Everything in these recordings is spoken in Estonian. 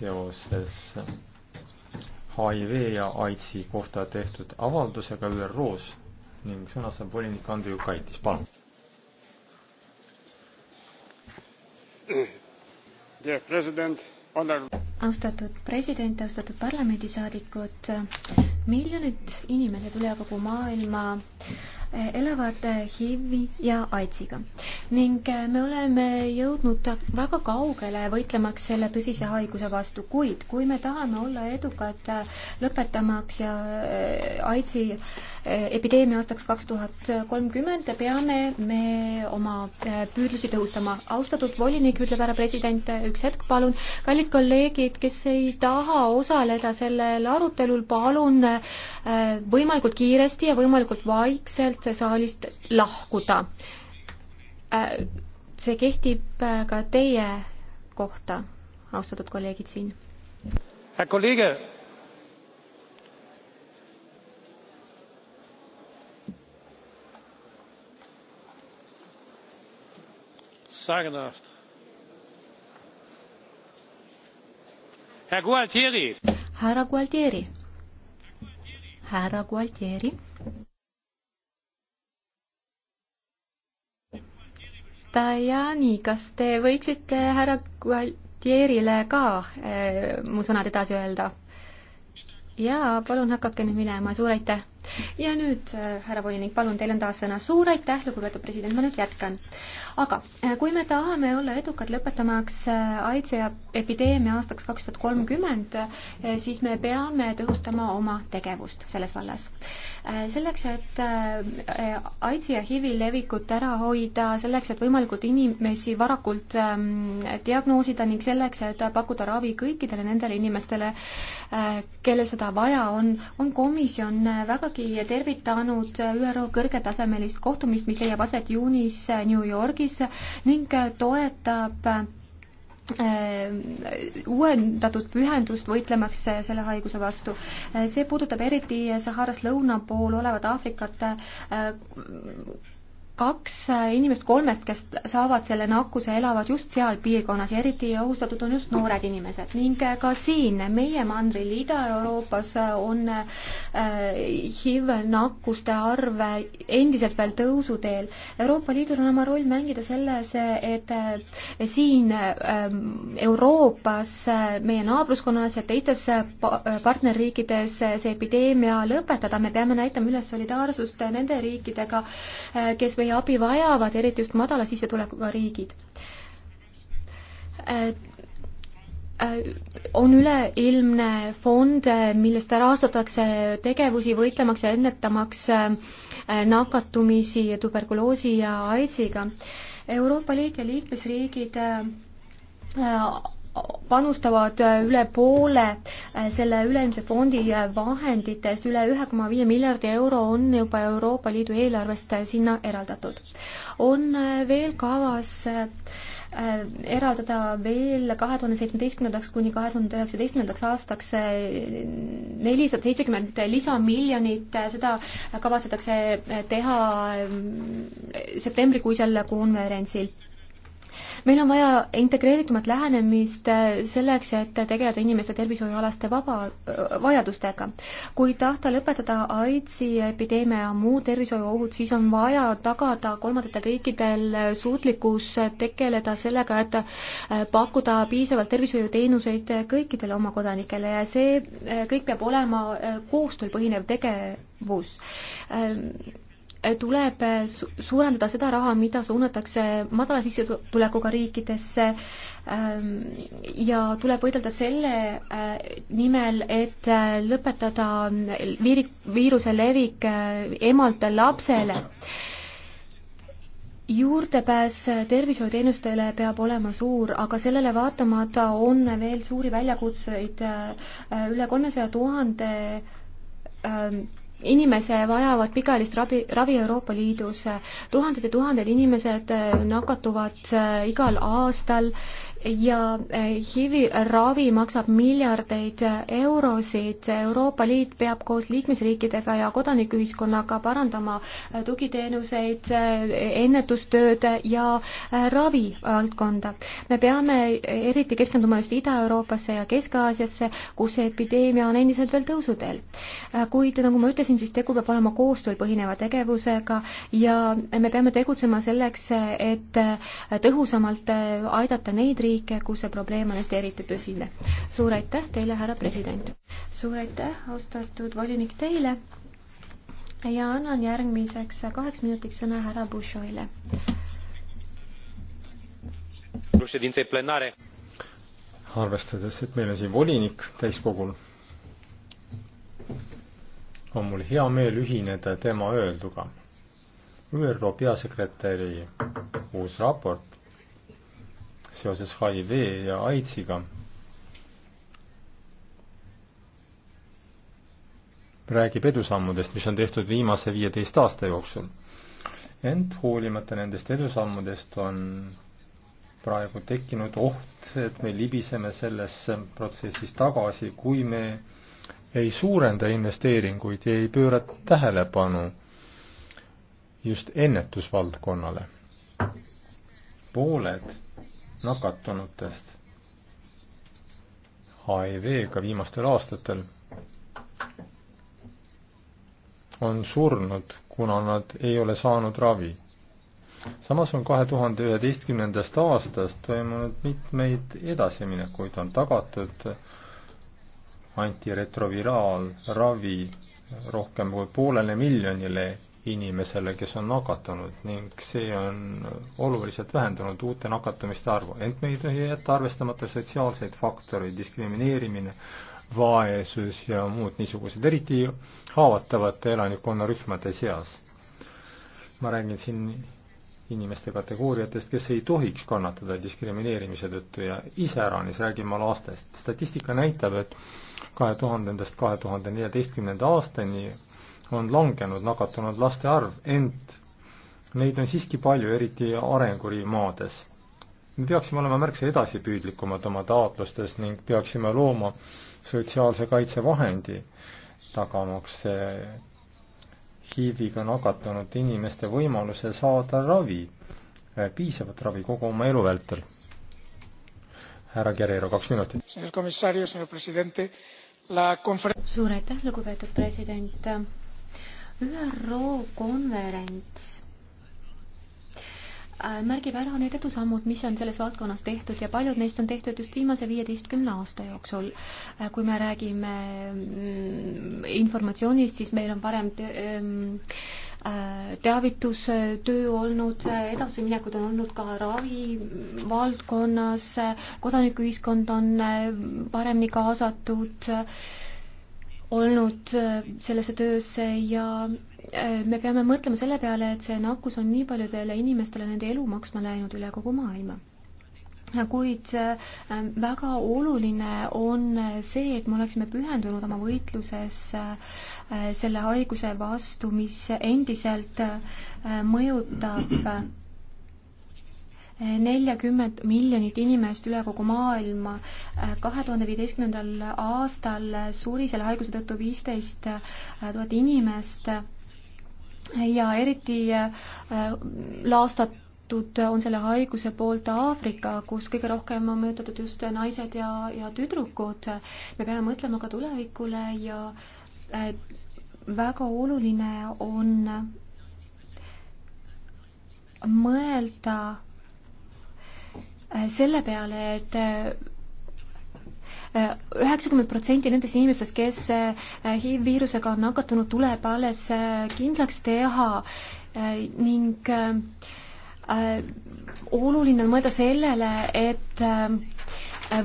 seoses HIV ja AIDSi kohta tehtud avaldusega ÜRO-s ning sõna saab volinik Andrei Ukaitis, palun. austatud president, austatud parlamendisaadikud, miljonid inimesed üle kogu maailma äh, elavad HIV-i ja AIDSiga. ning äh, me oleme jõudnud väga kaugele võitlemaks selle tõsise haiguse vastu, kuid kui me tahame olla edukad äh, lõpetamaks ja äh, AIDSi epideemia aastaks kaks tuhat kolmkümmend peame me oma äh, püüdlusi tõhustama. austatud volinik, ütleb härra president, äh, üks hetk palun, kallid kolleegid, kes ei taha osaleda sellel arutelul, palun äh, võimalikult kiiresti ja võimalikult vaikselt saalist lahkuda. see kehtib ka teie kohta, austatud kolleegid siin. Herr Kollege, sagen Herr Gualtieri. Härra Gualtieri. Härra Gualtieri. Dajani, kas te võiksite härra Gualtierile ka eh, mu sõnad edasi öelda? jaa, palun hakake nüüd minema, suur aitäh. ja nüüd, eh, härra volinik, palun, teil on taas sõna. suur aitäh, lugupeetud president, ma nüüd jätkan aga äh, kui me tahame olla edukad lõpetamaks äh, AIDSi epideemia aastaks kaks tuhat kolmkümmend, äh, siis me peame tõhustama oma tegevust selles vallas. selleks, et AIDSi ja HIV-i levikut ära hoida, selleks, et võimalikult inimesi varakult ähm, diagnoosida ning selleks, et pakkuda ravi kõikidele nendele inimestele, kellel seda vaja on, on komisjon vägagi tervitanud ÜRO kõrgetasemelist kohtumist, mis leiab aset juunis New Yorgis Türgis ning toetab äh, uuendatud pühendust võitlemaks selle haiguse vastu. Äh, see puudutab eriti Saharas lõuna pool olevat Aafrikat, äh, kaks äh, inimest kolmest, kes saavad selle nakkuse, elavad just seal piirkonnas ja eriti ohustatud on just noored inimesed ning äh, ka siin meie mandril Ida-Euroopas äh, on HIV nakkuste arv endiselt veel tõusuteel. Euroopa Liidul on oma roll mängida selles, et siin ähm, Euroopas, meie naabruskonnas ja teistes partnerriikides see epideemia lõpetada, me peame näitama üles solidaarsust nende riikidega, kes meie meie abi vajavad, eriti just madala sissetulekuga riigid äh, äh, on üleilmne fond, äh, millest rahastatakse tegevusi võitlemaks ja ennetamaks nakatumisi tuberkuloosi ja AIDSiga. Euroopa Liit ja liikmesriigid panustavad äh, üle poole äh, selle üleilmse fondi äh, vahenditest, üle ühe koma viie miljardi euro on juba Euroopa Liidu eelarvest sinna eraldatud. on veel kavas eraldada veel kahe tuhande seitsmeteistkümnendaks kuni kahe tuhande üheksateistkümnendaks aastaks nelisada seitsekümmend lisamiljonit, seda kavatsetakse teha septembrikuisel konverentsil meil on vaja integreeritumat lähenemist selleks, et tegeleda inimeste tervishoiualaste vaba, äh, vajadustega. kui tahta lõpetada AIDSi epideemia ja muud tervishoiuohud, siis on vaja tagada kolmandatel riikidel suutlikkus tegeleda sellega, et äh, pakkuda piisavalt tervishoiuteenuseid kõikidele oma kodanikele ja see äh, kõik peab olema koostööl põhinev tegevus ähm, tuleb suurendada seda raha, mida suunatakse madala sissetulekuga riikidesse ähm, ja tuleb võidelda selle äh, nimel, et äh, lõpetada viiri-, viiruse levik äh, emalt lapsele juurdepääs tervishoiuteenustele peab olema suur, aga sellele vaatamata on veel suuri väljakutseid. üle kolmesaja tuhande ähm, inimese vajavad pikaajalist ravi, ravi Euroopa Liidus. tuhanded ja tuhanded inimesed eh, nakatuvad eh, igal aastal ja eh, HIV-i ravi maksab miljardeid eh, eurosid, Euroopa Liit peab koos liikmesriikidega ja kodanikuühiskonnaga parandama eh, tugiteenuseid, ennetustööd ja ravivaldkonda. me peame eriti keskenduma just Ida-Euroopasse ja Kesk-Aasiasse, kus epideemia on endiselt veel tõusuteel. kuid nagu ma ütlesin, siis tegu peab olema koostööl põhineva tegevusega ja me peame tegutsema selleks, et tõhusamalt aidata neid riike, liike, kus see probleem on just eriti tõsine. suur aitäh teile, härra president! suur aitäh, austatud volinik, teile! ja annan järgmiseks kaheks minutiks sõna härra Bushoile. arvestades, et meil on siin volinik täiskogul, on mul hea meel ühineda tema öelduga. ÜRO peasekretäri uus raport seoses HIV ja AIDSiga. räägib edusammudest, mis on tehtud viimase viieteist aasta jooksul. ent hoolimata nendest edusammudest on praegu tekkinud oht, et me libiseme sellesse protsessis tagasi, kui me ei suurenda investeeringuid ja ei pööra tähelepanu just ennetusvaldkonnale. pooled nakatunutest HIV-ga viimastel aastatel on surnud, kuna nad ei ole saanud ravi. samas on kahe tuhande üheteistkümnendast aastast toimunud mitmeid edasiminekuid, on tagatud antiretroviraal ravi rohkem kui poolele miljonile inimesele, kes on nakatunud ning see on oluliselt vähendanud uute nakatumiste arvu. ent me ei tohi jätta arvestamata sotsiaalseid faktoreid, diskrimineerimine, vaesus ja muud niisugused, eriti haavatavate elanikkonnarühmade seas. ma räägin siin inimeste kategooriatest, kes ei tohiks kannatada diskrimineerimise tõttu ja iseäranis räägin ma lastest. statistika näitab, et kahe tuhandendast kahe tuhande neljateistkümnenda aastani on langenud nakatunud laste arv, ent neid on siiski palju, eriti arengurimaades. me peaksime olema märksa edasipüüdlikumad oma taotlustes ning peaksime looma sotsiaalse kaitsevahendi, tagamaks HIV-iga nakatunud inimeste võimaluse saada ravi, eh, piisavat ravi kogu oma elu vältel. härra Guerrero, kaks minutit. suur aitäh, lugupeetud president ÜRO konverents äh, märgib ära need edusammud, mis on selles valdkonnas tehtud ja paljud neist on tehtud just viimase viieteistkümne aasta jooksul. Äh, kui me räägime mm, informatsioonist, siis meil on varem te ähm, äh, teavitustöö olnud, edasiminekud on olnud ka ravivaldkonnas, kodanikuühiskond on paremini kaasatud olnud äh, sellesse töösse ja äh, me peame mõtlema selle peale, et see nakkus on nii paljudele inimestele nende elu maksma läinud üle kogu maailma. kuid äh, väga oluline on see, et me oleksime pühendunud oma võitluses selle haiguse vastu, mis endiselt mõjutab neljakümmet miljonit inimest üle kogu maailma. kahe tuhande viieteistkümnendal aastal suri selle haiguse tõttu viisteist äh, tuhat inimest ja eriti äh, laastatud on selle haiguse poolt Aafrika, kus kõige rohkem on mõjutatud just naised ja, ja tüdrukud. me peame mõtlema ka tulevikule ja äh, väga oluline on mõelda Äh, selle peale et, et äh, üheksakümmend protsenti nendest inimestest, kes HIV-viirusega äh, on nakatunud, tuleb alles kindlaks teha ning oluline on mõelda sellele, et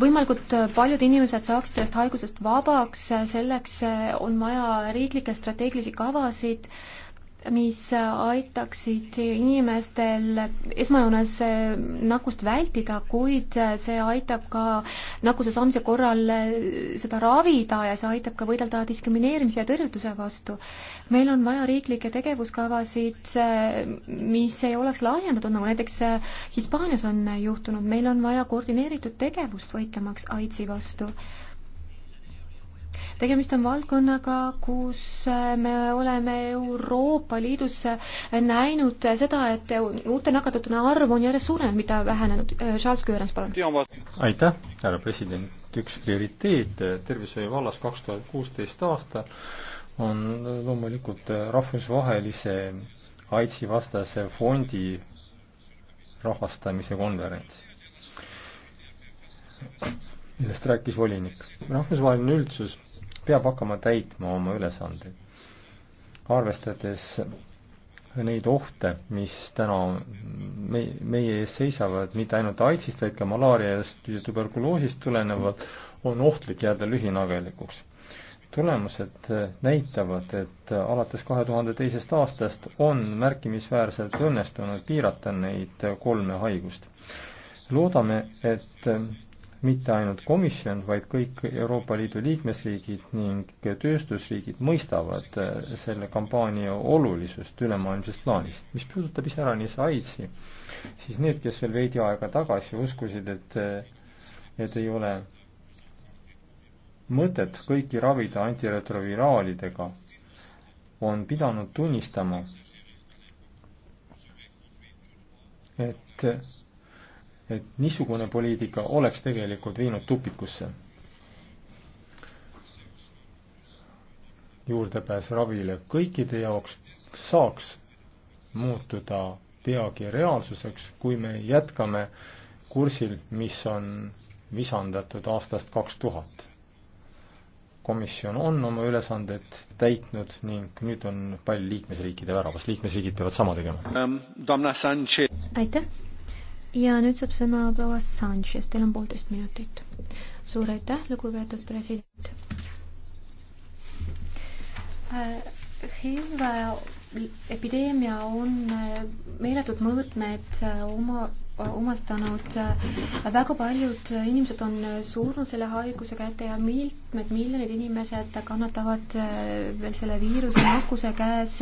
võimalikult paljud inimesed saaksid sellest haigusest vabaks, selleks on vaja riiklikke strateegilisi kavasid äh,, mis aitaksid inimestel esmajoones eh, nakkust vältida, kuid eh, see aitab ka nakkuse saamise korral eh, seda ravida ja see aitab ka võidelda diskrimineerimise ja tõrjutuse vastu. meil on vaja riiklikke tegevuskavasid, mis ei oleks laiendatud, nagu näiteks Hispaanias on juhtunud, meil on vaja koordineeritud tegevust võitlemaks AIDSi vastu tegemist on valdkonnaga, kus me oleme Euroopa Liidus näinud seda, et uute nakatunute arv on järjest suurenenud, mitte vähenenud. Charles Köörens, palun. aitäh, härra president. üks prioriteete tervishoiu vallas kaks tuhat kuusteist aasta on loomulikult rahvusvahelise AIDSi vastase fondi rahastamise konverents millest rääkis volinik. rahvusvaheline üldsus peab hakkama täitma oma ülesandeid, arvestades neid ohte, mis täna me, meie ees seisavad, mitte ainult AIDSist, vaid ka malaariast ja tuberkuloosist tulenevalt, on ohtlik jääda lühinagelikuks. tulemused näitavad, et alates kahe tuhande teisest aastast on märkimisväärselt õnnestunud piirata neid kolme haigust. loodame, et mitte ainult komisjon, vaid kõik Euroopa Liidu liikmesriigid ning tööstusriigid mõistavad eh, selle kampaania olulisust ülemaailmses plaanis. mis puudutab iseäranis AIDSi, siis need, kes veel veidi aega tagasi uskusid, et, eh, et ei ole mõtet kõiki ravida antiretroviraalidega, on pidanud tunnistama, et et niisugune poliitika oleks tegelikult viinud tupikusse. juurdepääs ravile kõikide jaoks saaks muutuda peagi reaalsuseks, kui me jätkame kursil, mis on visandatud aastast kaks tuhat. komisjon on oma ülesanded täitnud ning nüüd on pall liikmesriikide väravas, liikmesriigid peavad sama tegema. aitäh! ja nüüd saab sõna proua Sanchez, teil on poolteist minutit. suur aitäh, lugupeetud president äh,. HIV epideemia on äh, meeletud mõõtmed äh, oma omastanud. väga paljud inimesed on surnud selle haiguse kätte ja mitmed miljonid inimesed kannatavad veel selle viiruse nakkuse käes.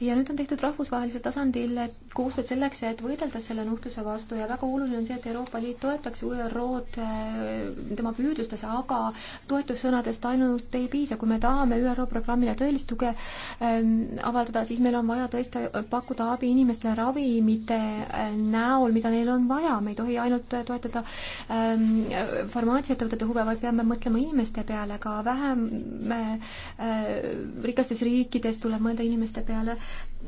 ja nüüd on tehtud rahvusvahelisel tasandil koostööd selleks, et võidelda selle nuhtluse vastu ja väga oluline on see, et Euroopa Liit toetaks ÜRO-d eh, tema püüdlustes, aga toetussõnadest ainult ei piisa. kui me tahame ÜRO programmile tõelist tuge ehm, avaldada, siis meil on vaja tõesti pakkuda abi inimestele ravimite eh, näol, mida neil meil on vaja, me ei tohi ainult toetada ähm, farmaatsiaettevõtete huve, vaid peame mõtlema inimeste peale, ka vähem äh, äh rikastes riikides tuleb mõelda inimeste peale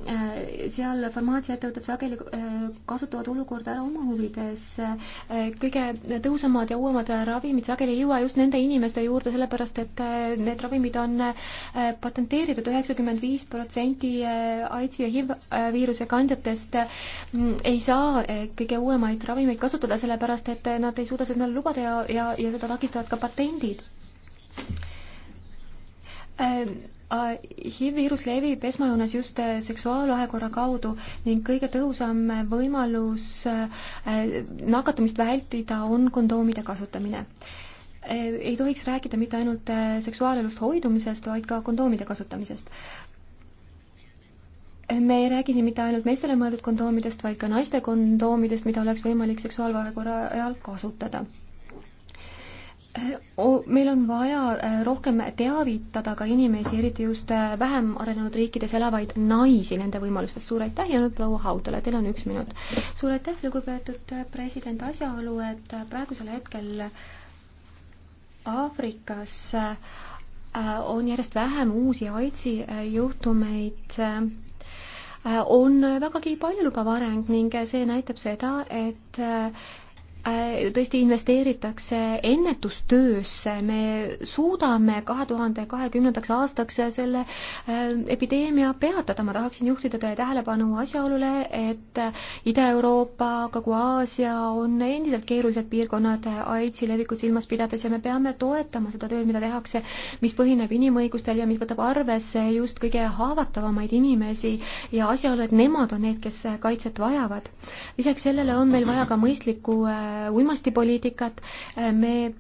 Äh, seal farmaatsiaettevõtted sageli äh, kasutavad olukorda ära oma huvides. Äh, kõige tõhusamad ja uuemad ravimid sageli ei jõua just nende inimeste juurde, sellepärast et need ravimid on patenteeritud, üheksakümmend viis protsenti AIDS ja HIV viiruse kandjatest mm, ei saa kõige uuemaid ravimeid kasutada, sellepärast et nad ei suuda seda endale lubada ja, ja, ja seda takistavad ka patendid HIV-viirus levib esmajoones just äh, seksuaalahekorra kaudu ning kõige tõhusam äh, võimalus äh, nakatumist vältida on kondoomide kasutamine ei tohiks rääkida mitte ainult seksuaalelust hoidumisest, vaid ka kondoomide kasutamisest. me ei räägi siin mitte ainult meestele mõeldud kondoomidest, vaid ka naiste kondoomidest, mida oleks võimalik seksuaalvahekorra ajal kasutada meil on vaja äh, rohkem teavitada ka inimesi, eriti just äh, vähem arenenud riikides elavaid naisi nende võimalustest. suur aitäh ja nüüd proua Haudale, teil on üks minut. suur aitäh, lugupeetud äh, president, asjaolu, et praegusel hetkel Aafrikas on järjest vähem uusi AIDSi juhtumeid on vägagi paljulubav areng ning see näitab seda, et Äh, tõesti investeeritakse ennetustöösse, me suudame kahe tuhande kahekümnendaks aastaks selle äh, epideemia peatada, ma tahaksin juhtida teie tähelepanu asjaolule, et äh, Ida-Euroopa, kogu Aasia on endiselt keerulised piirkonnad AIDSi levikut silmas pidades ja me peame toetama seda tööd, mida tehakse, mis põhineb inimõigustel ja mis võtab arvesse just kõige haavatavamaid inimesi ja asjaolu, et nemad on need, kes kaitset vajavad. lisaks sellele on meil vaja ka mõistlikku Äh, uimastipoliitikat, äh, me äh,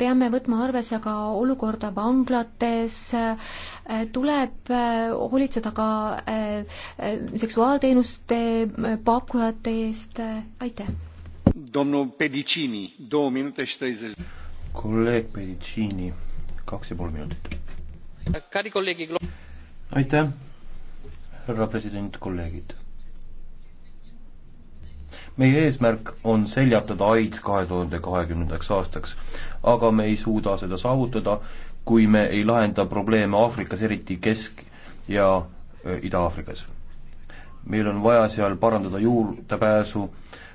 peame võtma arvesse ka olukorda vanglates, tuleb hoolitseda ka seksuaalteenuste pakkujate eest, aitäh. kolleeg Pedicini, kaks ja pool minutit. aitäh, härra president, kolleegid meie eesmärk on seljatada AIDS kahe tuhande kahekümnendaks aastaks, aga me ei suuda seda saavutada, kui me ei lahenda probleeme Aafrikas, eriti Kesk- ja äh, Ida-Aafrikas. meil on vaja seal parandada juurdepääsu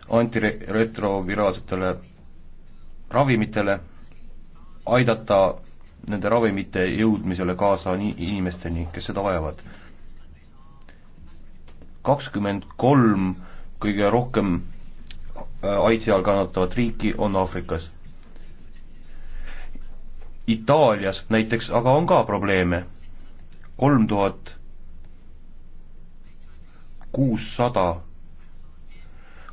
antiretroviraalsetele ravimitele, aidata nende ravimite jõudmisele kaasa nii inimesteni, kes seda vajavad. kakskümmend kolm kõige rohkem äh, aidsi all kannatavat riiki on Aafrikas. Itaalias näiteks aga on ka probleeme. kolm tuhat kuussada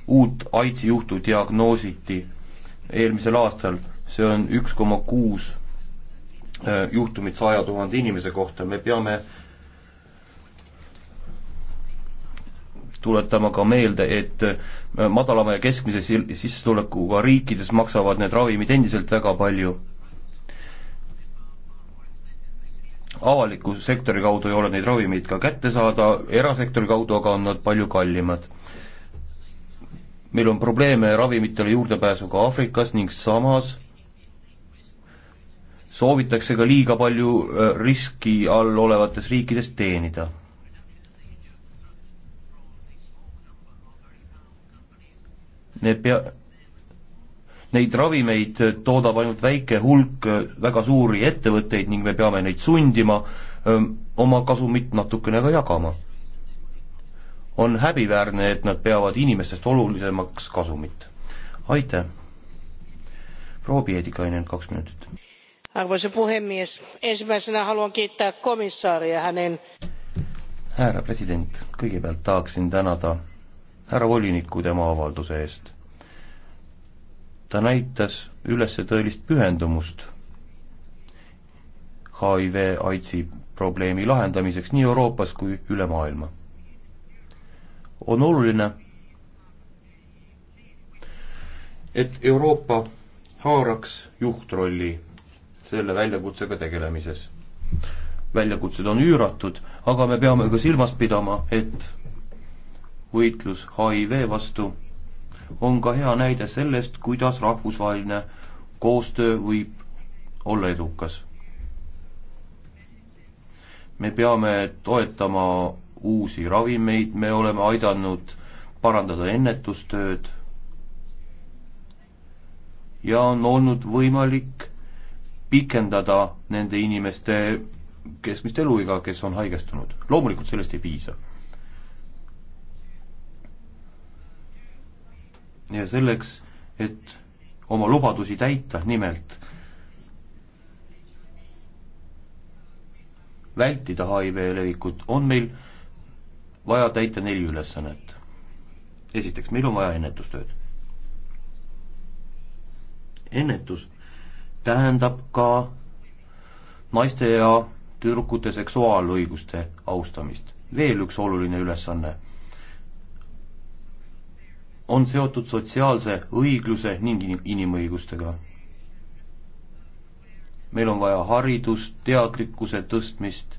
uut aidsi juhtu diagnoositi eelmisel aastal, see on üks koma kuus äh, juhtumit saja tuhande inimese kohta, me peame tuletama ka meelde, et äh, madalama ja keskmise sissetulekuga riikides maksavad need ravimid endiselt väga palju. avaliku sektori kaudu ei ole neid ravimeid ka kätte saada, erasektori kaudu aga on nad palju kallimad. meil on probleeme ravimitele juurdepääsuga Aafrikas ning samas soovitakse ka liiga palju äh, riski all olevates riikides teenida me pea-, neid ravimeid toodab ainult väike hulk äh, väga suuri ettevõtteid ning me peame neid sundima öö, ähm, oma kasumit natukene ka jagama. on häbiväärne, et nad peavad inimestest olulisemaks kasumit. aitäh! proua Pietikainen, kaks minutit. arvoisa puhemies, ensimmäisenä haluan kiittää komissaaria hänen härra president, kõigepealt tahaksin tänada härra volinikku tema avalduse eest ta näitas üles tõelist pühendumust HIV-AIDSi probleemi lahendamiseks nii Euroopas kui üle maailma. on oluline, et Euroopa haaraks juhtrolli selle väljakutsega tegelemises. väljakutsed on üüratud, aga me peame ka silmas pidama, et võitlus HIV vastu on ka hea näide sellest, kuidas rahvusvaheline koostöö võib olla edukas. me peame toetama uusi ravimeid, me oleme aidanud parandada ennetustööd ja on olnud võimalik pikendada nende inimeste keskmist eluiga, kes on haigestunud. loomulikult sellest ei piisa ja selleks, et oma lubadusi täita, nimelt vältida HIV levikut, on meil vaja täita neli ülesannet. esiteks, meil on vaja ennetustööd. ennetus tähendab ka naiste ja tüdrukute seksuaalõiguste austamist. veel üks oluline ülesanne on seotud sotsiaalse õigluse ning inimõigustega. meil on vaja haridust, teadlikkuse tõstmist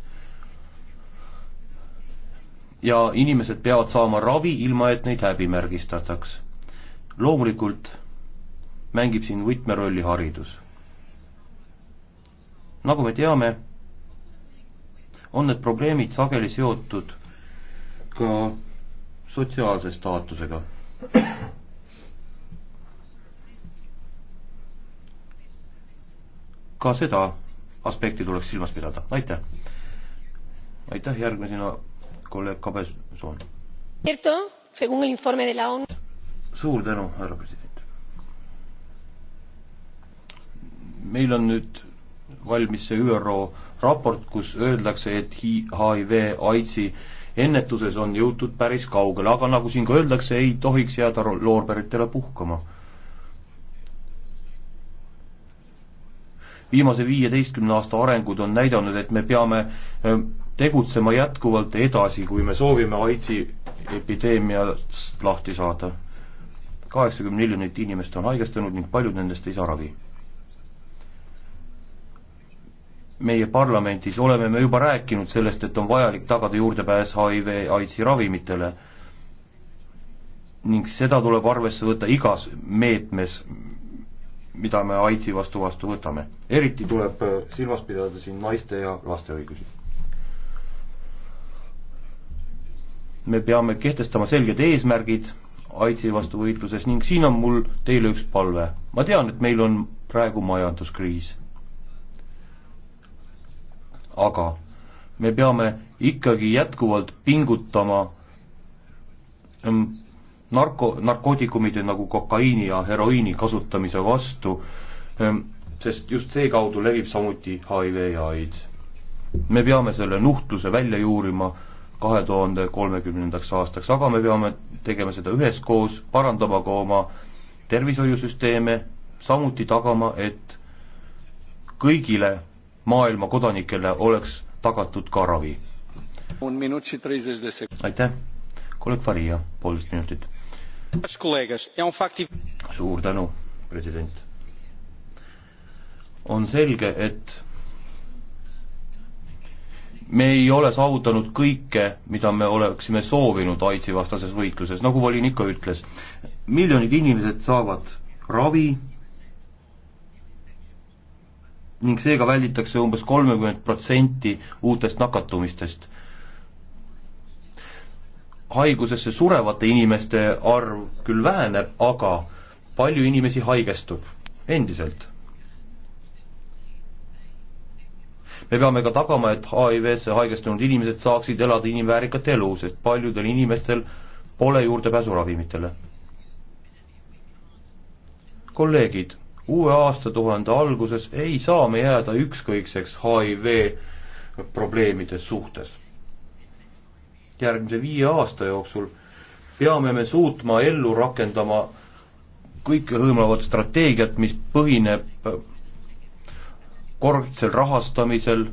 ja inimesed peavad saama ravi, ilma et neid häbimärgistataks. loomulikult mängib siin võtmerolli haridus. nagu me teame, on need probleemid sageli seotud ka sotsiaalse staatusega ka seda aspekti tuleks silmas pidada, aitäh. aitäh, järgmisena kolleeg Kabeson. suur tänu, härra president. meil on nüüd valmis see ÜRO raport, kus öeldakse, et HIV, AIDSi ennetuses on jõutud päris kaugele, aga nagu siin ka öeldakse, ei tohiks jääda loorberitele puhkama. viimase viieteistkümne aasta arengud on näidanud, et me peame eh, tegutsema jätkuvalt edasi, kui me soovime AIDSi epideemiast lahti saada. kaheksakümmend miljonit inimest on haigestunud ning paljud nendest ei saa ravi meie parlamendis oleme me juba rääkinud sellest, et on vajalik tagada juurdepääs HIV AIDSi ravimitele ning seda tuleb arvesse võtta igas meetmes, mida me AIDSi vastu vastu võtame. eriti tuleb äh, silmas pidada siin naiste ja laste õigusi. me peame kehtestama selged eesmärgid AIDSi vastu võitluses ning siin on mul teile üks palve. ma tean, et meil on praegu majanduskriis aga me peame ikkagi jätkuvalt pingutama ähm, narko, narkootikumide nagu kokaiini ja heroiini kasutamise vastu, ähm, sest just seekaudu levib samuti HIV ja AIDS. me peame selle nuhtluse välja juurima kahe tuhande kolmekümnendaks aastaks, aga me peame tegema seda üheskoos, parandama ka oma tervishoiusüsteeme, samuti tagama, et kõigile maailma kodanikele oleks tagatud ka ravi. aitäh, kolleeg Faria, poolteist minutit. E suur tänu, president. on selge, et me ei ole saavutanud kõike, mida me oleksime soovinud AIDSi vastases võitluses, nagu volinik ka ütles. miljonid inimesed saavad ravi ning seega välditakse umbes kolmekümmet protsenti uutest nakatumistest. haigusesse surevate inimeste arv küll väheneb, aga palju inimesi haigestub endiselt. me peame ka tagama, et HIV-sse haigestunud inimesed saaksid elada inimväärikat elu, sest paljudel inimestel pole juurdepääsu ravimitele. kolleegid uue aastatuhande alguses ei saa me jääda ükskõikseks HIV probleemide suhtes. järgmise viie aasta jooksul peame me suutma ellu rakendama kõikehõõmavat strateegiat, mis põhineb korrektsel rahastamisel,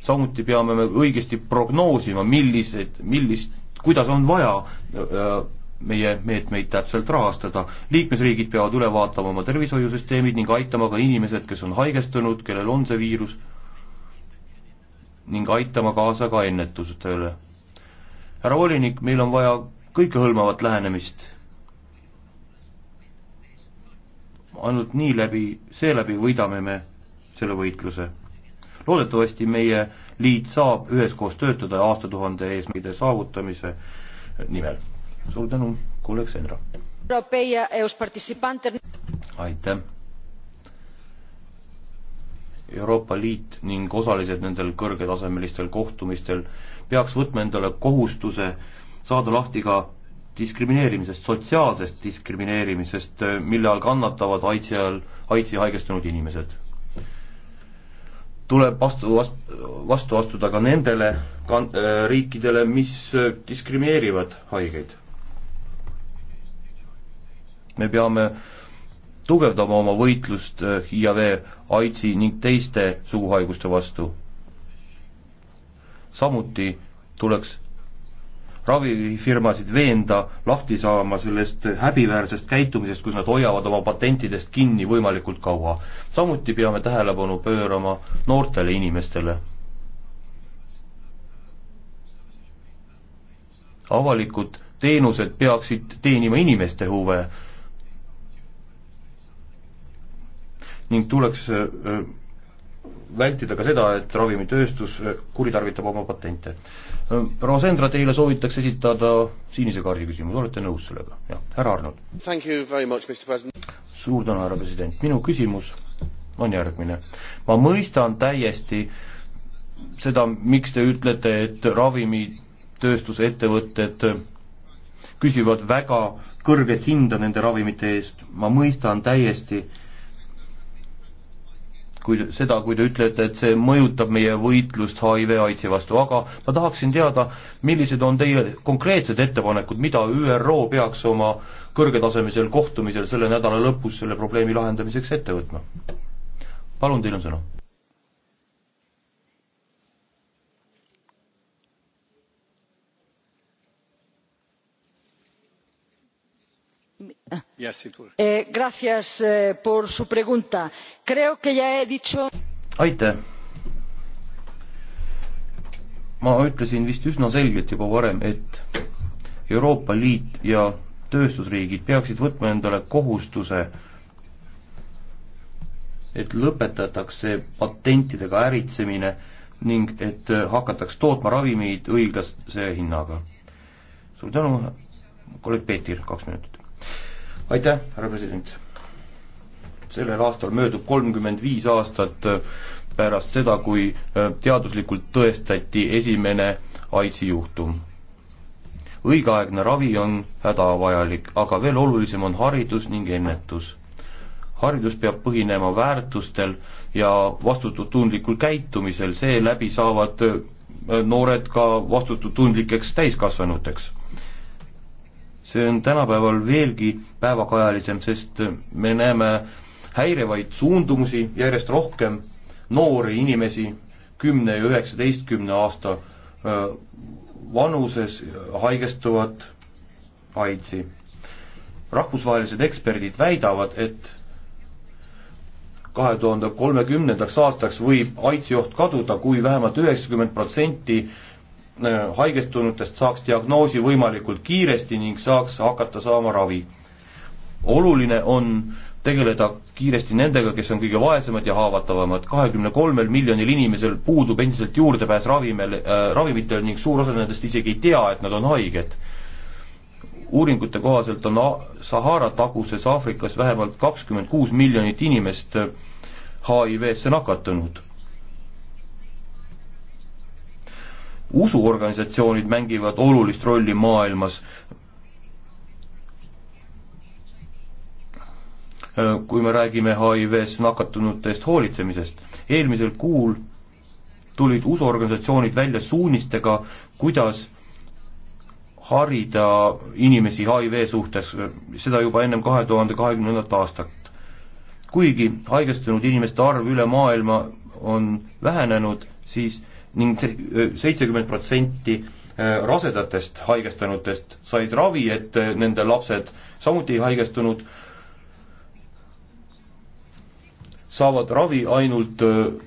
samuti peame me õigesti prognoosima, millised, millist, kuidas on vaja äh, meie meetmeid täpselt rahastada. liikmesriigid peavad üle vaatama oma tervishoiusüsteemid ning aitama ka inimesed, kes on haigestunud, kellel on see viirus, ning aitama kaasa ka ennetustööle. härra volinik, meil on vaja kõikehõlmavat lähenemist. ainult nii läbi, seeläbi võidame me selle võitluse. loodetavasti meie liit saab üheskoos töötada aastatuhande eesmärgide saavutamise nimel suur tänu, kolleeg Senra. aitäh. Euroopa Liit ning osalised nendel kõrgetasemelistel kohtumistel peaks võtma endale kohustuse saada lahti ka diskrimineerimisest, sotsiaalsest diskrimineerimisest, mille all kannatavad AIDSi ajal, AIDSi haigestunud inimesed. tuleb vastu, vastu astuda ka nendele kan-, riikidele, mis diskrimineerivad haigeid me peame tugevdama oma võitlust äh, HIV, AIDSi ning teiste suguhaiguste vastu. samuti tuleks ravifirmasid veenda lahti saama sellest häbiväärsest käitumisest, kus nad hoiavad oma patentidest kinni võimalikult kaua. samuti peame tähelepanu pöörama noortele inimestele. avalikud teenused peaksid teenima inimeste huve ning tuleks äh, vältida ka seda, et ravimitööstus äh, kuritarvitab oma patente. proua äh, Sendra, teile soovitakse esitada sinise kaardi küsimus, olete nõus sellega? jah, härra Arnold. suur tänu, härra president, minu küsimus on järgmine. ma mõistan täiesti seda, miks te ütlete, et ravimitööstuse ettevõtted küsivad väga kõrget hinda nende ravimite eest, ma mõistan täiesti, kui seda, kui te ütlete, et see mõjutab meie võitlust HIV aidsi vastu, aga ma tahaksin teada, millised on teie konkreetsed ettepanekud, mida ÜRO peaks oma kõrgetasemelisel kohtumisel selle nädala lõpus selle probleemi lahendamiseks ette võtma? palun, teil on sõna Eh, eh, aitäh! ma ütlesin vist üsna selgelt juba varem, et Euroopa Liit ja tööstusriigid peaksid võtma endale kohustuse, et lõpetatakse patentidega äritsemine ning et eh, hakataks tootma ravimeid õiglase hinnaga. suur tänu, kolleeg Peeter, kaks minutit aitäh, härra president. sellel aastal möödub kolmkümmend viis aastat äh, pärast seda, kui äh, teaduslikult tõestati esimene AIDSi juhtum. õigeaegne ravi on hädavajalik, aga veel olulisem on haridus ning ennetus. haridus peab põhinema väärtustel ja vastutustundlikul käitumisel, seeläbi saavad äh, noored ka vastutustundlikeks täiskasvanuteks see on tänapäeval veelgi päevakajalisem, sest me näeme häirevaid suundumusi järjest rohkem, noori inimesi kümne ja üheksateistkümne aasta vanuses haigestuvad AIDSi. rahvusvahelised eksperdid väidavad, et kahe tuhande kolmekümnendaks aastaks võib AIDSi oht kaduda, kui vähemalt üheksakümmend protsenti Äh, haigestunutest saaks diagnoosi võimalikult kiiresti ning saaks hakata saama ravi. oluline on tegeleda kiiresti nendega, kes on kõige vaesemad ja haavatavamad. kahekümne kolmel miljonil inimesel puudub endiselt juurdepääs ravimele äh,, ravimitele ning suur osa nendest isegi ei tea, et nad on haiged. uuringute kohaselt on Sahara taguses Aafrikas vähemalt kakskümmend kuus miljonit inimest HIV-sse nakatunud usuorganisatsioonid mängivad olulist rolli maailmas. kui me räägime HIV-s nakatunutest hoolitsemisest, eelmisel kuul tulid usuorganisatsioonid välja suunistega, kuidas harida inimesi HIV suhtes, seda juba ennem kahe tuhande kahekümnendat aastat. kuigi haigestunud inimeste arv üle maailma on vähenenud, siis ning seitsekümmend protsenti rasedatest haigestunutest said ravi, et nende lapsed samuti ei haigestunud, saavad ravi ainult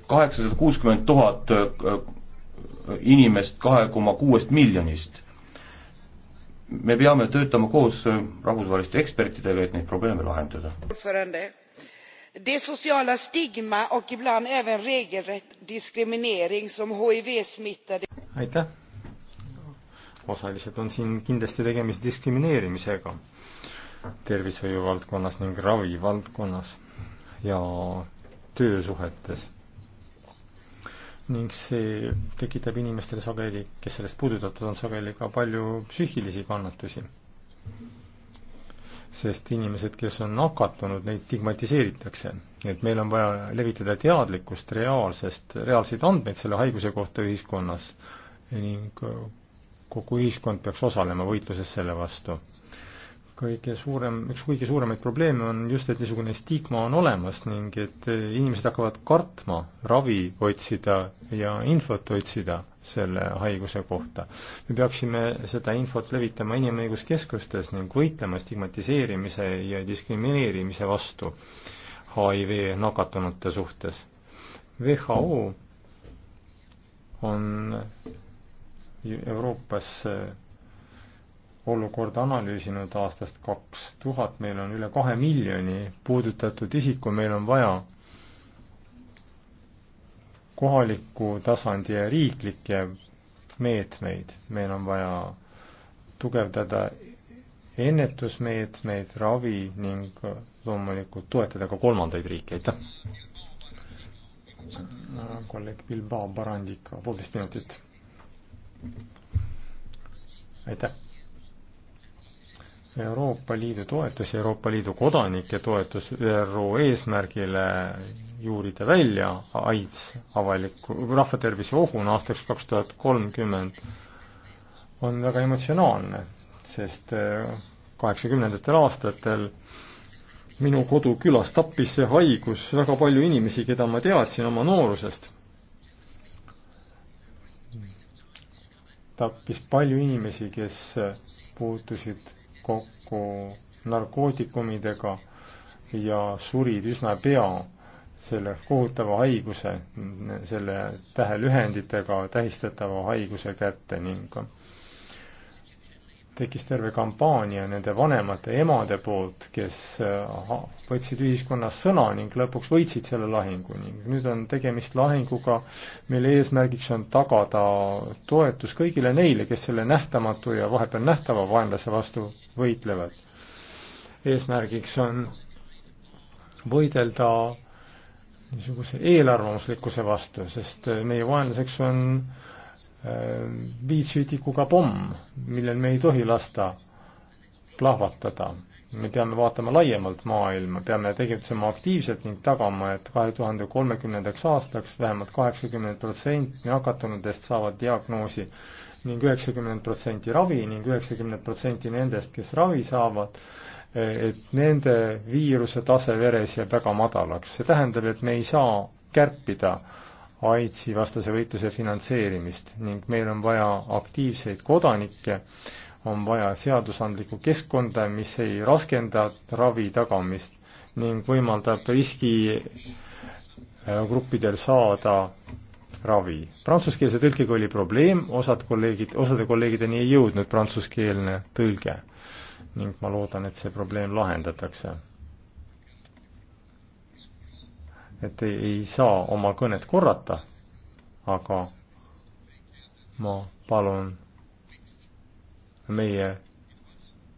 kaheksasada kuuskümmend tuhat inimest kahe koma kuuest miljonist. me peame töötama koos rahvusvaheliste ekspertidega, et neid probleeme lahendada det sociala stigma och ibland även regelrätt diskriminering som hiv smittade aitäh! osaliselt on siin kindlasti tegemist diskrimineerimisega tervishoiuvaldkonnas ning ravivaldkonnas ja töösuhetes. ning see tekitab inimestele sageli, kes sellest puudutatud on, sageli ka palju psüühilisi kannatusi sest inimesed, kes on nakatunud, neid stigmatiseeritakse. nii et meil on vaja levitada teadlikkust reaalsest, reaalseid andmeid selle haiguse kohta ühiskonnas ning kogu ühiskond peaks osalema võitluses selle vastu kõige suurem, üks kõige suuremaid probleeme on just, et niisugune stigma on olemas ning et inimesed hakkavad kartma ravi otsida ja infot otsida selle haiguse kohta. me peaksime seda infot levitama inimõiguskeskustes ning võitlema stigmatiseerimise ja diskrimineerimise vastu HIV nakatunute suhtes. WHO on Euroopas olukorda analüüsinud aastast kaks tuhat, meil on üle kahe miljoni puudutatud isiku, meil on vaja kohaliku tasandi ja riiklikke meetmeid, meil on vaja tugevdada ennetusmeetmeid, ravi ning loomulikult toetada ka kolmandaid riike, aitäh! kolleeg Bilbao Barandika, poolteist minutit. aitäh! Euroopa Liidu toetus ja Euroopa Liidu kodanike toetus ÜRO eesmärgile juurida välja AIDS avaliku, rahvatervise ohuna aastaks kaks tuhat kolmkümmend on väga emotsionaalne, sest äh, kaheksakümnendatel aastatel minu kodukülas tappis see haigus väga palju inimesi, keda ma teadsin oma noorusest tappis palju inimesi, kes puutusid kokku narkootikumidega ja surid üsna pea selle kohutava haiguse, selle tähelühenditega tähistatava haiguse kätte ning tekkis terve kampaania nende vanemate emade poolt, kes äh, võtsid ühiskonnas sõna ning lõpuks võitsid selle lahingu ning nüüd on tegemist lahinguga, mille eesmärgiks on tagada toetus kõigile neile, kes selle nähtamatu ja vahepeal nähtava vaenlase vastu võitlevad. eesmärgiks on võidelda niisuguse eelarvamuslikkuse vastu, sest meie vaenlaseks on äh, Äh, viitsüütikuga pomm, millel me ei tohi lasta plahvatada. me peame vaatama laiemalt maailma, peame tegutsema aktiivselt ning tagama, et kahe tuhande kolmekümnendaks aastaks vähemalt kaheksakümmend protsenti nakatunudest saavad diagnoosi ning üheksakümmend protsenti ravi ning üheksakümmend protsenti nendest, kes ravi saavad, et nende viiruse tase veres jääb väga madalaks. see tähendab, et me ei saa kärpida äh, AIDSi vastase võitluse finantseerimist ning meil on vaja aktiivseid kodanikke, on vaja seadusandlikku keskkonda, mis ei raskenda ravi tagamist ning võimaldab riskigruppidel äh, saada ravi. Prantsuskeelse tõlkega oli probleem, osad kolleegid, osade kolleegideni ei jõudnud prantsuskeelne tõlge ning ma loodan, et see probleem lahendatakse et ei, ei saa oma kõnet korrata, aga ma palun meie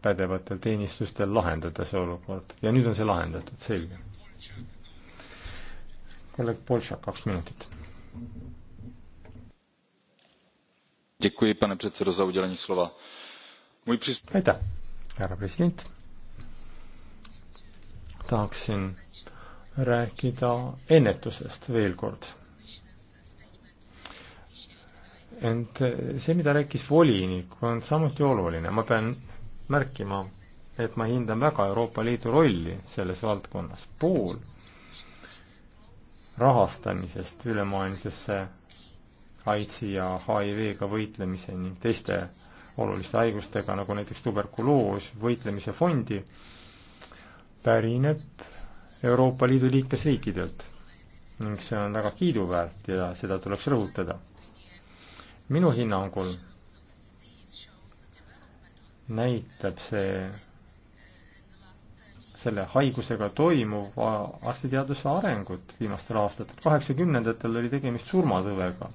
pädevatel teenistustel lahendada see olukord ja nüüd on see lahendatud, selge. kolleeg Polšak, kaks minutit. aitäh, härra president. tahaksin rääkida ennetusest veel kord. ent see, mida rääkis volinik, on samuti oluline, ma pean märkima, et ma hindan väga Euroopa Liidu rolli selles valdkonnas, pool rahastamisest ülemaailmsesse AIDSi ja HIV-ga võitlemise ning teiste oluliste haigustega, nagu näiteks tuberkuloos, võitlemise fondi, pärineb Euroopa Liidu liikmesriikidelt ning see on väga kiiduväärt ja seda tuleks rõhutada. minu hinnangul näitab see selle haigusega toimuv arstiteaduse arengut viimastel aastatel. kaheksakümnendatel oli tegemist surmatõvega.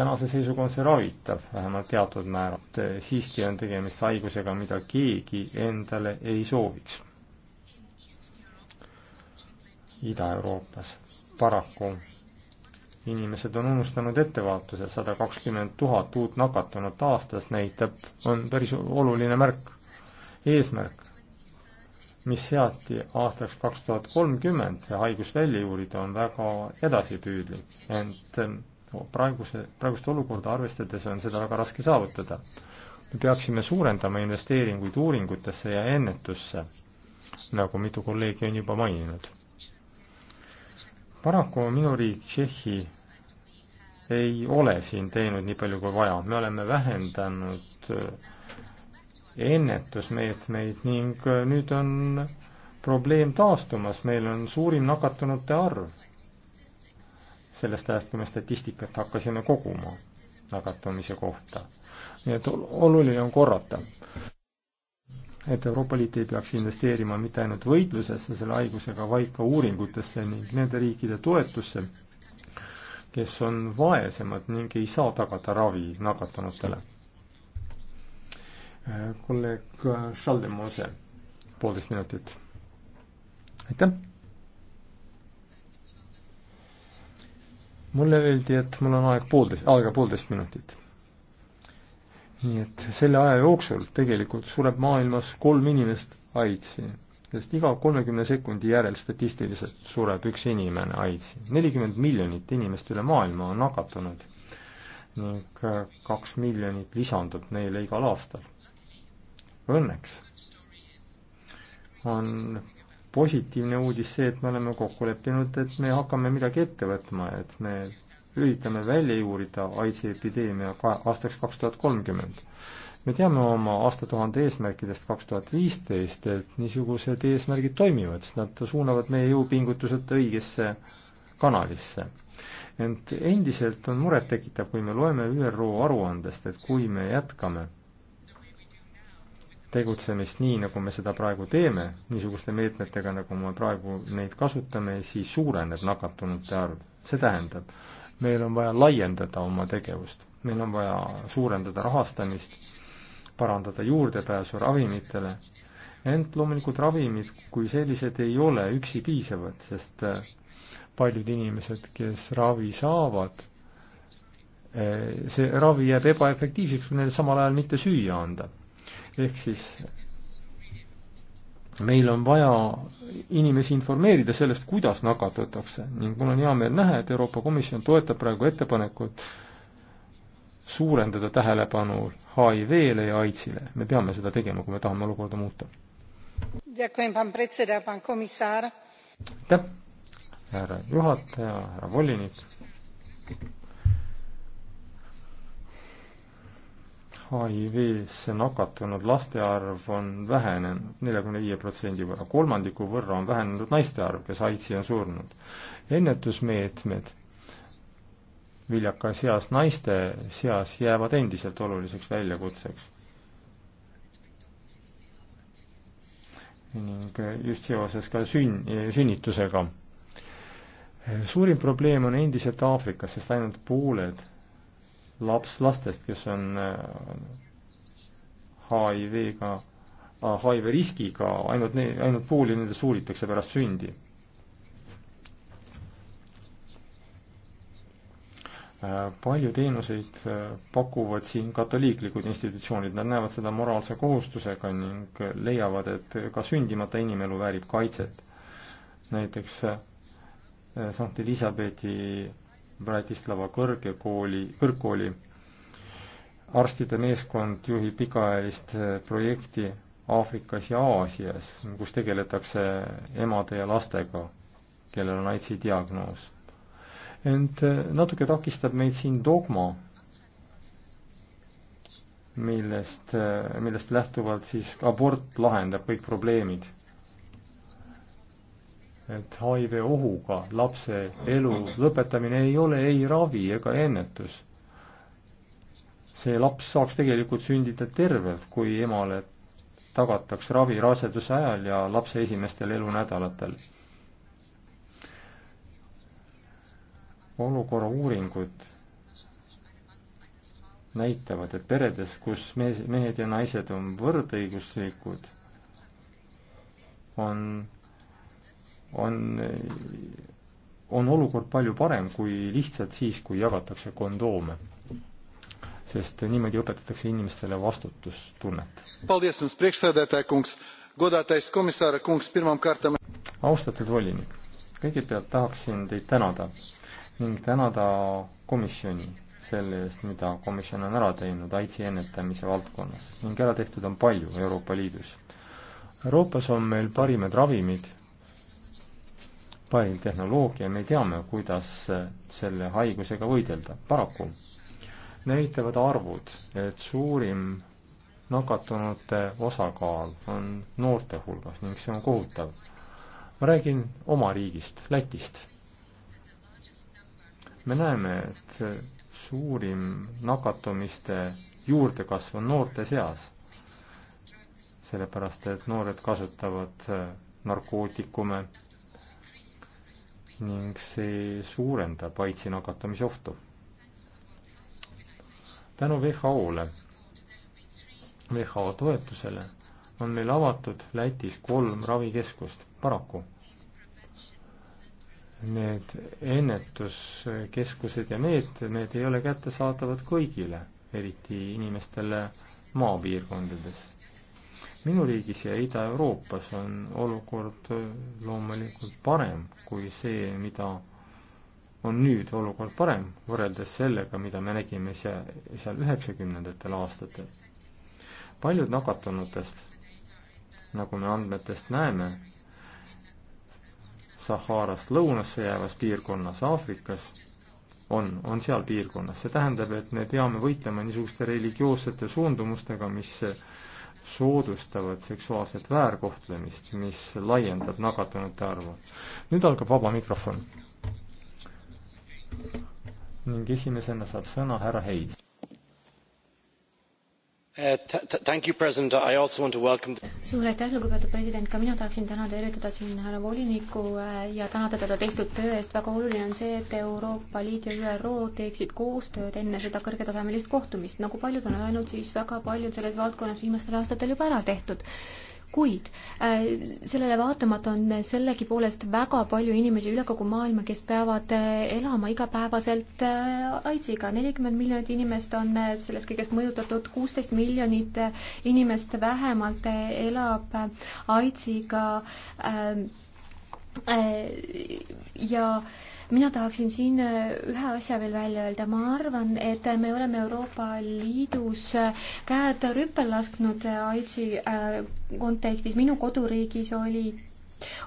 tänase seisuga on see ravitav, vähemalt teatud määral. siiski on tegemist haigusega, mida keegi endale ei sooviks Ida-Euroopas. paraku inimesed on unustanud ettevaatuse, sada kakskümmend tuhat uut nakatunut aastas näitab, on päris oluline märk, eesmärk, mis seati aastaks kaks tuhat kolmkümmend see haigus välja juurida, on väga edasipüüdlik, ent ähm, praeguse, praegust olukorda arvestades on seda väga raske saavutada. me peaksime suurendama investeeringuid uuringutesse ja ennetusse, nagu mitu kolleegi on juba maininud paraku minu riik Tšehhi ei ole siin teinud nii palju kui vaja, me oleme vähendanud äh, ennetusmeetmeid ning äh, nüüd on probleem taastumas, meil on suurim nakatunute arv sellest ajast, kui me statistikat hakkasime koguma nakatumise kohta. nii et oluline on korrata, et Euroopa Liit ei peaks investeerima mitte ainult võitlusesse selle haigusega, vaid ka uuringutesse ning nende riikide toetusse, kes on vaesemad ning ei saa tagada ravi nakatunutele. kolleeg Schaldemose, poolteist minutit. aitäh! mulle öeldi, et mul on aeg poolteist, aega poolteist minutit nii et selle aja jooksul tegelikult sureb maailmas kolm inimest AIDSi, sest iga kolmekümne sekundi järel statistiliselt sureb üks inimene AIDSi. nelikümmend miljonit inimest üle maailma on nakatunud ning äh, kaks miljonit lisandub neile igal aastal. Õnneks on positiivne uudis see, et me oleme kokku leppinud, et me hakkame midagi ette võtma, et me üritame välja juurida AIDSi epideemia ka aastaks kaks tuhat kolmkümmend. me teame oma aastatuhande eesmärkidest kaks tuhat viisteist, et niisugused eesmärgid toimivad, sest nad suunavad meie jõupingutused õigesse kanalisse. ent endiselt on murettekitav, kui me loeme ÜRO aruandest, et kui me jätkame tegutsemist nii, nagu me seda praegu teeme, niisuguste meetmetega, nagu me praegu neid kasutame, siis suureneb nakatunute arv. see tähendab, meil on vaja laiendada oma tegevust, meil on vaja suurendada rahastamist, parandada juurdepääsu ravimitele, ent loomulikult ravimid kui sellised ei ole üksi piisavad, sest eh, paljud inimesed, kes ravi saavad, eh, see ravi jääb ebaefektiivseks, kui neile samal ajal mitte süüa anda. ehk siis meil on vaja inimesi informeerida sellest, kuidas nakatutakse ning mul on hea meel näha, et Euroopa Komisjon toetab praegu ettepanekut suurendada tähelepanu HIV-le ja AIDS-ile. me peame seda tegema, kui me tahame olukorda muuta. aitäh, härra juhataja, härra volinik. HIV-sse nakatunud laste arv on vähenenud neljakümne viie protsendi võrra, kolmandiku võrra on vähenenud naiste arv, kes AIDSi on surnud. ennetusmeetmed viljakas eas naiste seas jäävad endiselt oluliseks väljakutseks. ning just seoses ka sünn, sünnitusega. suurim probleem on endiselt Aafrikas, sest ainult pooled laps lastest, kes on HIV-ga, äh, HIV äh, riskiga, ainult ne-, ainult pooli nendest uuritakse pärast sündi. Äh, palju teenuseid pakuvad siin katoliiklikud institutsioonid, nad näevad seda moraalse kohustusega ning leiavad, et ka sündimata inimelu väärib kaitset. näiteks Sankt Elizabethi Bratislava kõrgekooli, kõrgkooli arstide meeskond juhib pikaajalist äh, projekti Aafrikas ja Aasias, kus tegeletakse emade ja lastega, kellel on AIDSi diagnoos. ent äh, natuke takistab meid siin dogma, millest, äh, millest lähtuvalt siis abort lahendab kõik probleemid et HIV ohuga lapse elu lõpetamine ei ole ei ravi ega ennetus. see laps saaks tegelikult sündida tervelt, kui emale tagataks ravi raseduse ajal ja lapse esimestel elunädalatel. olukorra uuringud näitavad, et peredes, kus mees, mehed ja naised on võrdõiguslikud, on on, on olukord palju parem kui lihtsalt siis, kui jagatakse kondoome. sest niimoodi õpetatakse inimestele vastutustunnet. austatud volinik, kõigepealt tahaksin teid tänada ning tänada komisjoni selle eest, mida komisjon on ära teinud AIDSi ennetamise valdkonnas ning ära tehtud on palju Euroopa Liidus. Euroopas on meil parimad ravimid parim tehnoloogia, me teame, kuidas selle haigusega võidelda. paraku näitavad arvud, et suurim nakatunute osakaal on noorte hulgas ning see on kohutav. ma räägin oma riigist, Lätist. me näeme, et suurim nakatumiste juurdekasv on noorte seas, sellepärast et noored kasutavad narkootikume ning see suurendab AIDSi nakatumise ohtu. tänu WHO-le, WHO toetusele on meil avatud Lätis kolm ravikeskust, paraku. Need ennetuskeskused ja meetmed, need ei ole kättesaadavad kõigile, eriti inimestele maapiirkondades minu riigis ja Ida-Euroopas on olukord äh, loomulikult parem kui see, mida on nüüd olukord parem võrreldes sellega, mida me nägime seal, seal üheksakümnendatel aastatel. paljud nakatunutest, nagu me andmetest näeme, Saharast lõunasse jäävas piirkonnas Aafrikas, on, on seal piirkonnas, see tähendab, et me peame võitlema niisuguste religioossete suundumustega, mis soodustavad seksuaalset väärkohtlemist, mis laiendab nakatunute arvu. nüüd algab vaba mikrofon. ning esimesena saab sõna härra Heits. Uh, suur aitäh, lugupeetud president, ka mina tahaksin tänada ja eritada siin härra volinikku uh, ja tänada teda tehtud töö eest. väga oluline on see, et Euroopa Liit ja ÜRO teeksid koostööd enne seda kõrgetasemelist kohtumist. nagu paljud on öelnud, siis väga palju selles valdkonnas viimastel aastatel juba ära tehtud kuid äh, sellele vaatamata on sellegipoolest väga palju inimesi üle kogu maailma, kes peavad äh, elama igapäevaselt äh, AIDSiga. nelikümmend miljonit inimest on sellest kõigest mõjutatud, kuusteist miljonit inimest vähemalt elab AIDSiga ähm, ja mina tahaksin siin äh, ühe asja veel välja öelda, ma arvan, et me oleme Euroopa Liidus äh, käed rüppe lasknud äh, AIDSi kontekstis, minu koduriigis olid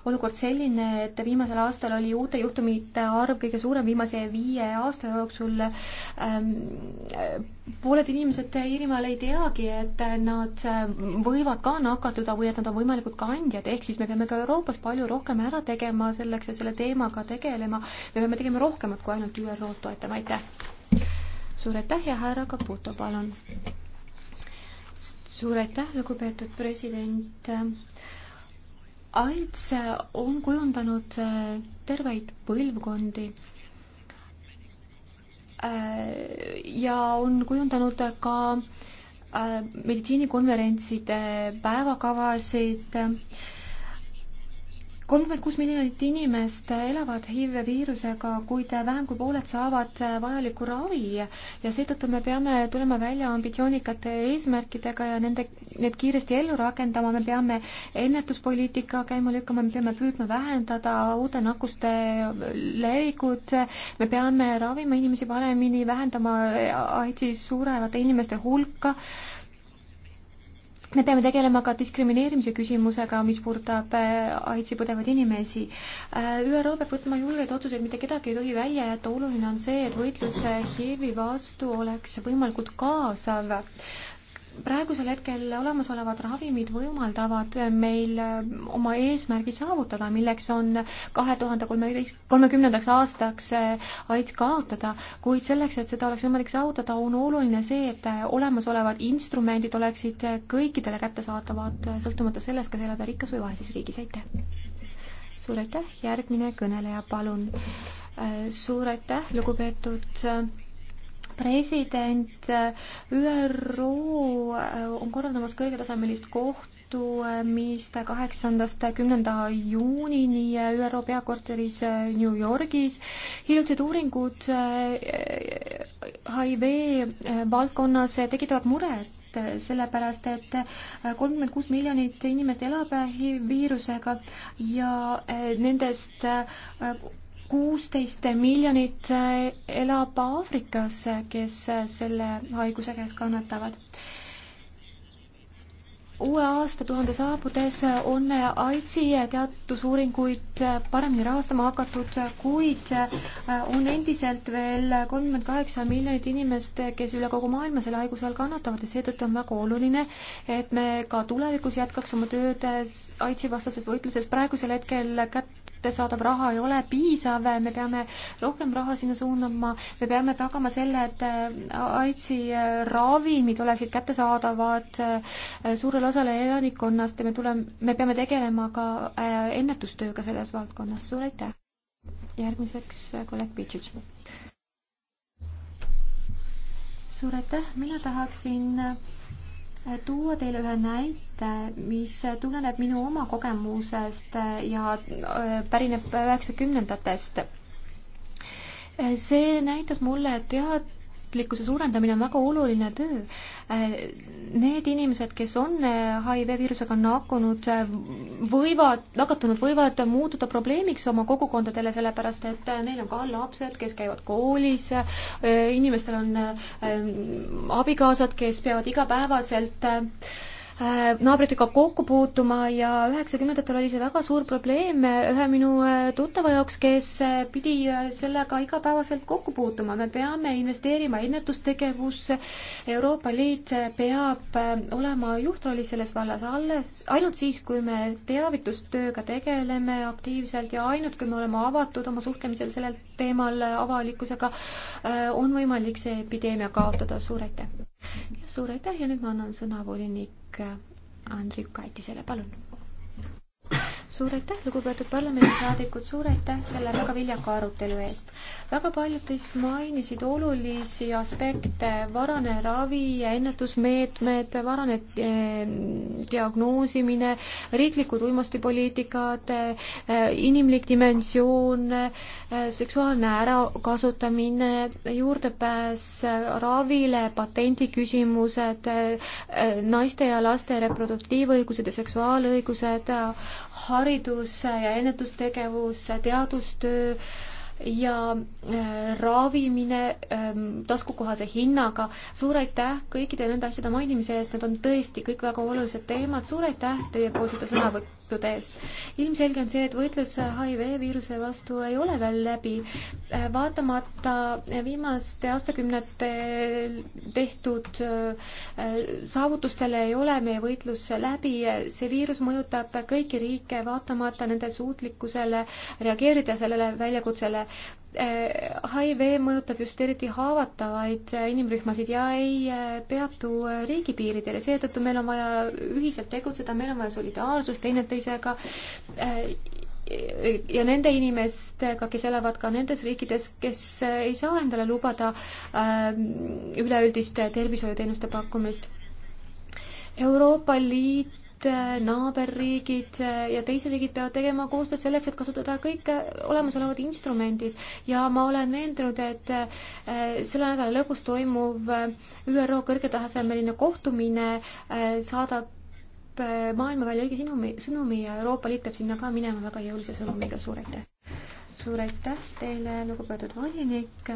olukord selline, et viimasel aastal oli uute juhtumite arv kõige suurem viimase viie aasta jooksul ähm,. pooled inimesed Iirimaal ei teagi, et nad võivad ka nakatuda või et nad on võimalikud kandjad, ehk siis me peame ka Euroopas palju rohkem ära tegema selleks ja selle teemaga tegelema. me peame tegema rohkemat kui ainult ÜRO-d toetama, aitäh! suur aitäh ja härra Caputo, palun! suur aitäh, lugupeetud president! AIDS on kujundanud äh, terveid põlvkondi äh, ja on kujundanud ka äh, meditsiinikonverentside päevakavasid kolmkümmend kuus miljonit inimest elavad HIV-viirusega, kuid vähem kui pooled saavad vajalikku ravi ja seetõttu me peame tulema välja ambitsioonikate eesmärkidega ja nende, need kiiresti ellu rakendama, me peame ennetuspoliitika käima lükkama, me peame püüdma vähendada uute nakkuste levikut, me peame ravima inimesi paremini, vähendama AIDSi surevate inimeste hulka me peame tegelema ka diskrimineerimise küsimusega, mis puudutab äh, AIDSi põdevaid inimesi. Äh, ÜRO peab võtma julgeid otsuseid, mitte kedagi ei tohi välja jätta, oluline on see, et võitlus HIV-i äh, vastu oleks võimalikult kaasav praegusel hetkel olemasolevad ravimid võimaldavad meil äh, oma eesmärgi saavutada, milleks on kahe tuhande kolmeteist, kolmekümnendaks aastaks äh, AIDS kaotada, kuid selleks, et seda oleks võimalik saavutada, on oluline see, et äh, olemasolevad instrumendid oleksid kõikidele kättesaadavad, sõltumata sellest, kas elada rikkas või vaeses riigis, aitäh! suur aitäh, järgmine kõneleja, palun! suur aitäh, lugupeetud president, ÜRO äh, on korraldamas kõrgetasemelist kohtumist kaheksandast kümnenda juunini ÜRO peakorteris äh, New Yorgis. hiljutised uuringud äh, HIV valdkonnas tekitavad muret sellepärast, et kolmkümmend kuus miljonit inimest elab viirusega ja nendest kuusteist miljonit äh, elab Aafrikas, äh, kes äh, selle haiguse käes kannatavad. uue aastatuhande saabudes on AIDSi teadusuuringuid paremini rahastama hakatud, kuid on endiselt veel kolmkümmend kaheksa miljonit inimest, kes üle kogu maailma selle haiguse all kannatavad ja seetõttu on väga oluline, et me ka tulevikus jätkaks oma tööd AIDSi vastases võitluses. praegusel hetkel kätt kättesaadav raha ei ole piisav, me peame rohkem raha sinna suunama, me peame tagama selle, et äh, AIDSi äh, ravimid oleksid kättesaadavad äh, suurele osale elanikkonnast ja me tuleme, me peame tegelema ka ennetustööga selles valdkonnas, suur aitäh! järgmiseks kolleeg Pitšitš. suur aitäh, mina tahaksin tuua teile ühe näite, mis tuleneb minu oma kogemusest ja äh, pärineb üheksakümnendatest. see näitas mulle, et tead, teadlikkuse suurendamine on väga oluline töö. Äh, need inimesed, kes on äh, HIV viirusega nakkunud, äh, võivad, nakatunud, võivad muutuda probleemiks oma kogukondadele, sellepärast et neil on ka lapsed, kes käivad koolis, inimestel on abikaasad, kes peavad igapäevaselt Äh, naabritega kokku puutuma ja üheksakümnendatel oli see väga suur probleem ühe minu äh, tuttava jaoks, kes äh, pidi sellega igapäevaselt kokku puutuma. me peame investeerima ennetustegevusse, Euroopa Liit peab olema juhtrollis selles vallas alles, ainult siis, kui me teavitustööga tegeleme aktiivselt ja ainult kui me oleme avatud oma suhtlemisel sellel teemal avalikkusega, on võimalik see epideemia kaotada. suur aitäh! suur aitäh ja nüüd ma annan sõna volinik Andrei Kaitisele, palun suur aitäh, lugupeetud parlamendisaadikud, suur aitäh selle väga viljaka arutelu eest. väga paljud teist mainisid olulisi aspekte, varane ravi ja ennetusmeetmed, varane eh, diagnoosimine, riiklikud uimastipoliitikad eh,, inimlik dimensioon eh,, seksuaalne ärakasutamine, juurdepääs ravile, patendiküsimused eh, eh,, naiste ja laste reproduktiivõigused ja seksuaalõigused eh,, haridus ja ennetustegevus, teadustöö ja äh, ravimine ähm, taskukohase hinnaga. suur aitäh kõikide nende asjade mainimise eest, need on tõesti kõik väga olulised teemad, suur aitäh teiepoolsete sõnavõttude tehtud eest. ilmselge on see, et võitlus HIV viiruse vastu ei ole veel läbi. Äh, vaatamata viimaste aastakümnete tehtud äh, saavutustele ei ole meie võitlus läbi. see viirus mõjutab kõiki riike, vaatamata nende suutlikkusele reageerida sellele väljakutsele Eh, HIV mõjutab just eriti haavatavaid inimrühmasid ja ei eh, peatu eh, riigipiiridel ja seetõttu meil on vaja ühiselt tegutseda, meil on vaja solidaarsust teineteisega ja nende inimestega, kes elavad ka nendes riikides, kes ei saa endale lubada üleüldist tervishoiuteenuste pakkumist. Euroopa Liit riigid, naaberriigid äh, ja teised riigid peavad tegema koostööd selleks, et kasutada kõik äh, olemasolevad instrumendid ja ma olen veendunud, et äh, selle nädala lõpus toimuv ÜRO kõrgetasemeline kohtumine saadab maailma välja õige sõnumi, sõnumi ja Euroopa Liit peab sinna ka minema väga jõulise sõnumiga, suur aitäh! suur aitäh teile, lugupeetud volinik!